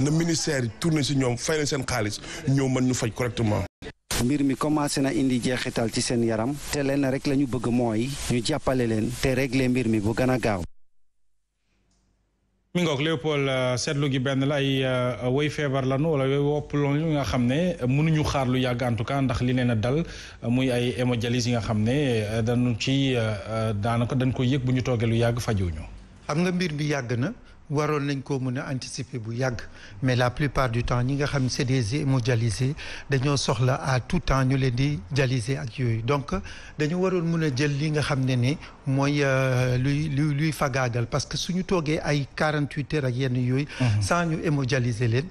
na ministère yi tourné si ñoom fay leen seen xaalis ñoo mën ñu faj correctement. mbir mi commencé na indi jeexital ci seen yaram te lenn rek la ñu bëgg mooy ñu jàppale leen te régler mbir mi bu gën a gaaw. mi ngoog Léopold euh, seetlu gi benn la ay euh, woy feebar lanu wala yooyu wopp loolu nga xam ne mënuñu xaar lu yàgg en ndax li leen a dal muy ay hémodialyse yi nga xam ne euh, dañu ci daanaka dañ ko yëg bu ñu toogee lu yàgg fajuñu. xam nga mbir mi yàgg na. waroon nañ koo mun a anticiper bu yàgg mais la plupart du temps ñi nga xam c'est des hémodialysés dañoo soxla à tout temps ñu leen di dialyser ak yooyu donc dañu waroon mën a jël li nga xam ne ni mooy euh, luy luy luy fagaagal parce que su ñu toogee ay 48 heures ak yenn yooyu mhm. sans ñu hémodialyser leen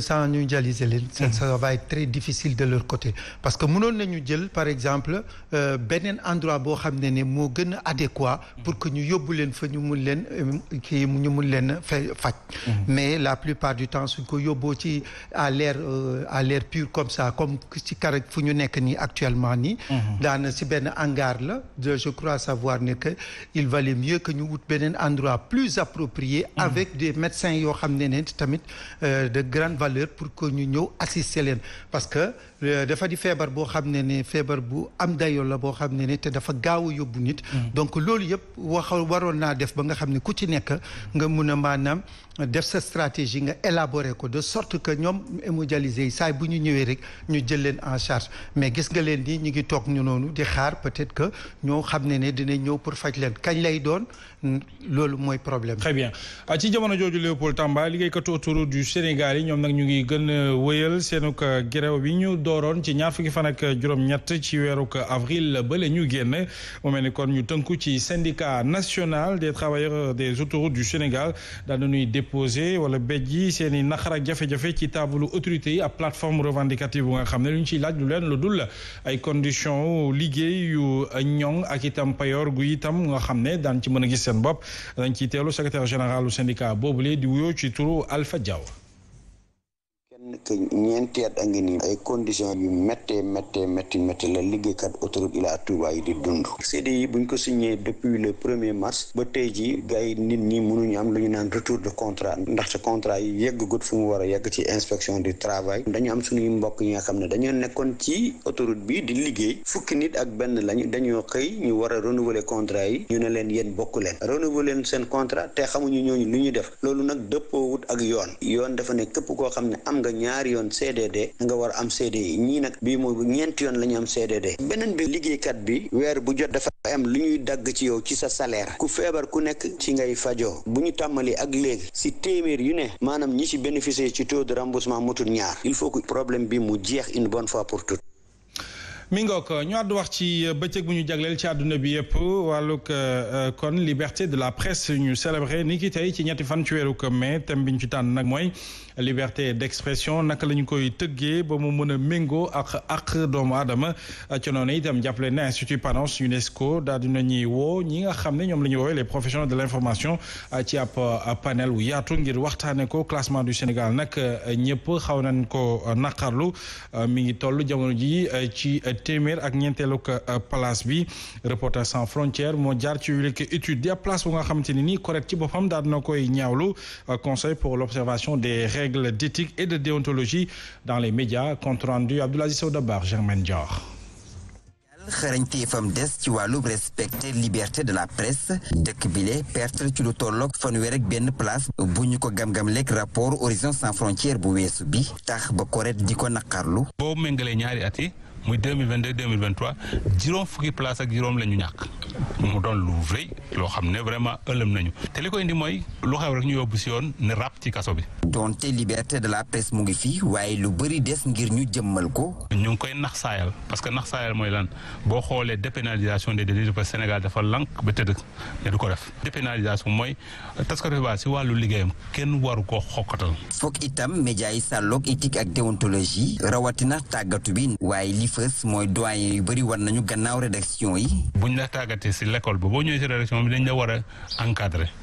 sans ñu jaliser leen ça va être très difficile de leur côté parce que mënoon nañu jël par exemple euh, beneen endroit boo xam ne ne moo gën a adéquat pour que ñu yóbbu leen fa ñu mun leen euh, kii mhm. mais la plupart du temps suñ ko yóbboo ci à l'air euh, à l'air pur comme ça comme ci kara fu ñu nekk nii actuellement nii mhm. daana si benn hangar la je crois savoir ne que il valait mieux que ñu wut beneen endroit plus approprié mhm. avec des médecins yoo xam ne ne tamit de grande pour que ñu ñëw assister leen parce que euh, dafa di feebar boo xam ne ne feebar bu am dayoo la boo xam ne ne te dafa gaaw a yóbbu nit mm. donc loolu yëpp wax waroon naa def ba nga xam ne ku ci nekk nga mun a maanaam def sa stratégie nga élaborer ko de sort que ñoom hémodialysés yi saay bu ñu ñëwee rek ñu jël leen en charge mais gis nga leen ni ñu ngi toog ñu noonu di xaar peut-être que ñoo xam ne ne dina ñëw pour faj leen kañ lay doon loolu mooy problème très bien ah, ci jamono jooju Léopold Tamba liggéeykatu autoroute du Sénégal yi ñoom nag ñu ngi gën a wëyal seenuk euh, grève bi ñu dooroon ci ñaar fukki fan ak juróom-ñett ci weeruk avril bale ñu génn mu ni kon ñu tënku ci syndicat national des travailleurs des autoroutes du Sénégal daal dañuy déposé wala béjji seen i naqar ak jafe-jafe ci taabulu autorités yi ab plateforme revendicative bu nga xam ne lu ñu ciy laaj lu leen lu dul ay conditions liggéey yu ñoŋ ak itam payoor gu itam nga xam ne daan ci mën a gis seen bopp dañ ciy teelu secrétaire général du syndicat boobu lee di wuyoo ci turu Alpha Diaw ñeenti at a ngi nii ay condition yu méttee méttee métti métti la liggéeykat autoroute Ila Touba yi di dund CDI buñ ko signé depuis le premier mars ba tey jii gars yi nit ñi mënuñu am lu ñu naan retour de contrat ndaxte contrat yi yeggagut fu mu war a yegg ci inspection du travail dañu am suñu mbokk yi nga xam ne dañoo nekkoon ci autoroute bi di liggéey fukki nit ak benn lañu dañoo xëy ñu war a renouveler contrat yi ñu ne leen yéen bokk leen renouveler leen seen contrat te xamuñu ñooñu lu ñu def loolu nag dëppoowut ak yoon ñaari yoon CDD nga war a am CDI ñi nag bii mooy ñeenti yoon la ñu am CDD beneen bi liggéeykat bi weer bu jot dafa am lu ñuy dagg ci yow ci sa salaire ku feebar ku nekk ci ngay fajoo bu ñu tàmmali ak léegi si téeméer yu ne maanaam ñi ci bénéficier ci taux de remboursement motul ñaar il faut que problème bi mu jeex une bonne fois pour toutes mi ngook ñu àddu wax ci euh, bëccëg bu ñu jagleel ci àdduna bi yëpp wàllug euh, euh, kon liberté de la presse ñu célébré ni ki tey ci ñetti fan ci weeru mais thème bi ñu ci tànn nag mooy liberté d'expression naka la ñu koy tëggee ba mu mën a méngoo ak ak doomu aadama ci noonu itam jàppale na institut Panos UNESCO daal dina ñuy woo ñi nga xam ne ñoom la ñuy woowee les professionnels de l'information ci ab panel bu yaatu ngir waxtaane ko classement du Sénégal nag ñëpp xaw nañ ko naqarlu mi ngi toll jamono ji ci téeméer ak ñeenteelu euh, place bi Reporters sans frontières moo jaar ci yulek étude di ab place bu nga xamante ni nii correct ci boppam daal dina koy ñaawlu euh, conseil pour l'observation des règles d'éthique et de déontologie dans les médias compte rendu Abdoulaziz Sow Dabar Germaine Dior xarañteefam des ci wàllub respecter liberté de la presse dëkk bi bile perte ci lu tolloog fanweer ak benn place bu ñu ko gam-gam lekk rapport horizon sans frontière bu weesu bi tax ba koret di ko naqarlu boo méngalee ñaari at yi muy deux mille vingt deux deux mille vingt trois juróom fukki place ak juróom la ñu ñàkk. mu doon lu rëy loo xam ne vraiment ëllëm nañu te li ko mooy lu xew rek ñu yóbbu si yoon ne rap ci kaso bi. donte liberté de la presse mu ngi fi waaye lu bëri des ngir ñu jëmmal ko. ñu ngi koy nax saayal parce que nax saayal mooy lan boo xoolee dépénalisation de délits parce que Sénégal dafa lank ba tëdd ne du ko def dépénalisation mooy taskatu xibaar si wàllu liggéeyam kenn waru ko xokkatal. foog itam média yi sàlloog éthique ak déontologie rawatina tàggatu bi waaye fës mooy doyen yu bëri war nañu gannaaw rédaction yi. buñ la tàggatee si l' école boo ñëwee si rédaction bi dañ la war a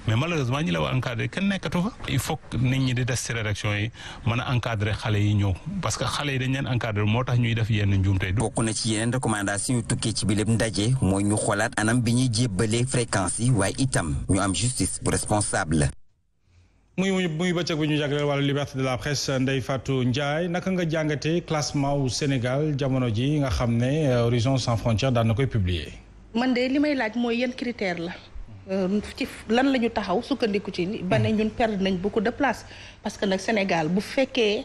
mais malheureusement ñi la war a encadrer kenn nekkatu fa. il faut nit ñi di des si rédaction yi mën a encadrer xale yi ñëw parce que xale yi dañ leen encadrer moo tax ñuy def yenn njuumte. bokk na ci yeneen recommandation yu tukkee ci bi lépp ndaje mooy ñu xolaat anam bi ñuy jébbalee fréquence yi waaye itam ñu am justice bu responsable. muy muy muy bëccëg bi ñu jagleel wàllu liberté de la presse ndey Fatou Ndiaye naka nga jàngatee classement wu Sénégal jamono ji nga xam ne euh, Horizon sans frontières daan na koy publier. man de li may laaj mooy yan critère la. Euh, ci lan la ñu taxaw sukkandiku ci ba ne ñun perdre nañ beaucoup de place parce que nag Sénégal bu fekkee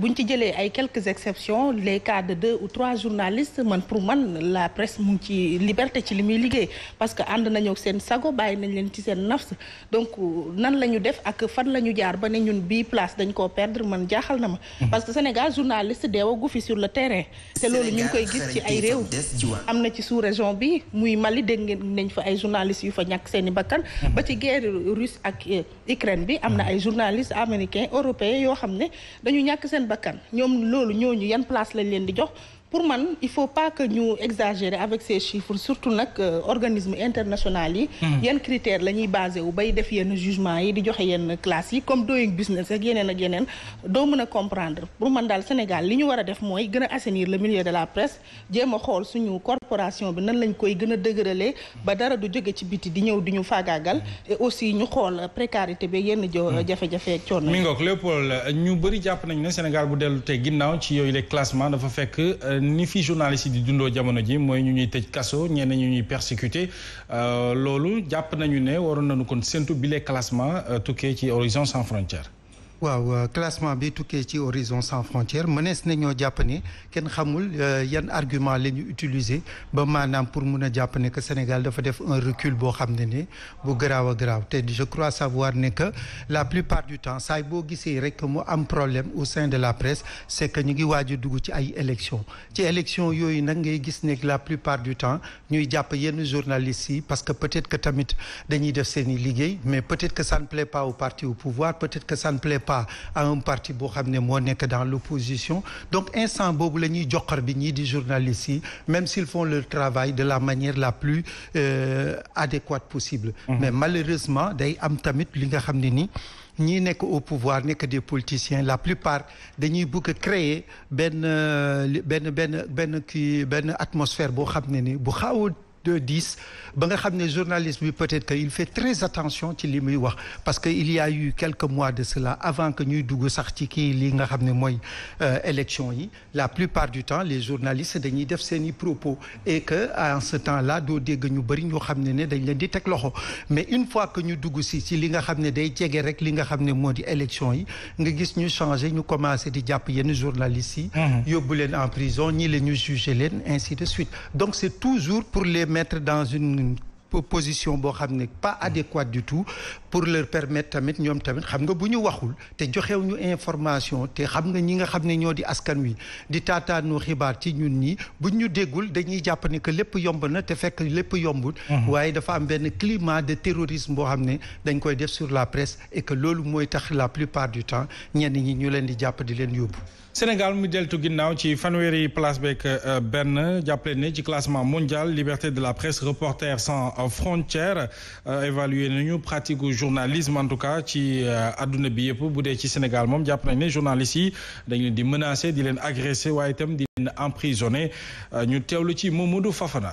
buñ ci jëlee ay quelques exceptions les cas de deux ou trois journalistes man pour man la presse mu ngi ci liberté ci li muy liggéey parce que ànd nañoo seen sago bàyyi nañ leen ci seen nafs donc nan la ñu def ak fan la ñu jaar ba ne ñun bi place dañ koo perdre man jaaxal na ma. Mhm. parce que Sénégal journaliste deewagu fi sur le terrain. te loolu ñu koy gis seeni bakkan mhm. ba ci guerre russe ak euh, Ukraine bi am na mhm. ay journalistes américains européens yoo xam ne dañu ñàkk seen bakkan ñoom loolu ñooñu yan place lañ leen di jox pour man il faut pas que ñu exagérer avec ces chiffres surtout nag euh, organisme international yi hmm. yenn critères la ñuy basé wu bay def yenn jugement yi di joxe yenn classes yi comme doing business ak yeneen ak yeneen doo mën a comprendre pour man daal Sénégal li ñu war a def mooy gën assenir assainir le milieu de la presse jéem a xool suñu corporation bi nan lañ koy gën a dëgëralee ba dara du jóge ci biti di ñëw di ñu faagaagal et aussi ñu xool précarité bi yenn hmm. jafe-jafe ak coono mi ngoog ñu bëri jàpp nañ ne Sénégal bu dellu tey ginnaaw ci yooyu les classement ni fi journaliste yi di dundoo jamono ji mooy ñu ñuy tëj kaso ñee nañu ñuy persécuté euh, loolu jàpp nañu ne waroon nañu kon séntu bile classement euh, tukkee ci Horizon sans frontières waaw euh, classement bi tukkee ci horizon sans frontières mënees na ñoo jàpp ne kenn xamul euh, yan argument la ñu utiliser ba maanaam pour mun a jàpp ne que Sénégal dafa def un recule boo xam ne ni bu garaaw a garaaw te je crois savoir ne que la plupart du temps saay boo gisee rek mu am problème au sein de la presse c' que ñu ngi waaj a dugg ci ay élections ci élections yooyu nag ngay gis ne la plupart du temps ñuy jàpp yenn journalistes yi parce que peut-être que tamit dañuy def seen i liggéey mais peut-être pas à un parti boo xam ne moo nekk dans l'opposition donc instant boobu la ñuy joxar bi ñii di journalistes yi même s'ils font leur travail de la manière la plus euh, adéquate possible mm-hmm. mais malheureusement day am tamit li nga xam ne ni ñii nekk au pouvoir nekk des politiciens la plupart dañuy bëgg a créer benn euh, benn benn benn kii benn atmosphère boo xam ne ni bu xaw deux dix ba nga xam ne journaliste bi peut-être que il fait très attention ci li muy wax parce que il y eu quelques mois de cela avant que ñuy dugg sax ci kii li nga xam ne mooy euh, élection yi la plupart du temps les journalistes dañuy def seeni propos et que en ce temps-là doo dégg ñu bëri ñoo xam ne ne dañ leen di teg loxo mais une fois que ñu dugg si si li nga xam ne day jege rek li nga xam ne moo di élection yi nga gis ñu changé ñu commencé di jàpp yenn journalistes yi mmh. yóbbu leen en mettre dans une position boo xam ne pas adéquate du tout pour leur permettre tamit ñoom tamit xam nga bu ñu waxul te joxew ñu information te xam nga ñi nga xam ne ñoo di askan wi di taataanu xibaar ci ñun ñi buñ ñu déggul dañuy jàpp ne que lépp yomb na te fekk lépp yombul mhm. waaye dafa am benn climat de terrorisme boo xam ne dañ koy def sur la presse et que loolu mooy tax la plupart du temps ñenn ñi ñu leen di jàpp di leen yóbbu Sénégal mu deltu ginnaaw ci fanweeri place beeg euh, benn jàppale ne ci classement mondial liberté de la presse reporters sans frontières euh, évalué nañu pratique gu journalisme en tout ci àdduna euh, bi yëpp bu dee ci Sénégal moom jàpp nañ ne journalistes yi dañ leen di menacer di leen agresser waaye itam di leen emprisonner ñu teewlu ci Mamadou Fafana.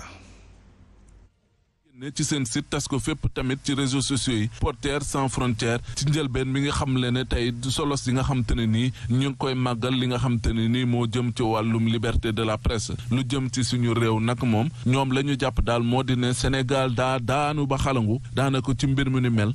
ne ci seen site tas ko fépp tamit ci réseau sociaux yi Porteurs sans frontières ci njëlbeen mi nga xam le ne tey solos yi nga xam te ne nii ñu ngi koy màggal li nga xam te ne nii moo jëm ci wàllum liberté de la presse lu jëm ci suñu réew nag moom ñoom la ñu jàpp daal moo di ne Sénégal daa daanu ba xalangu daanaka ci mbir mu ni mel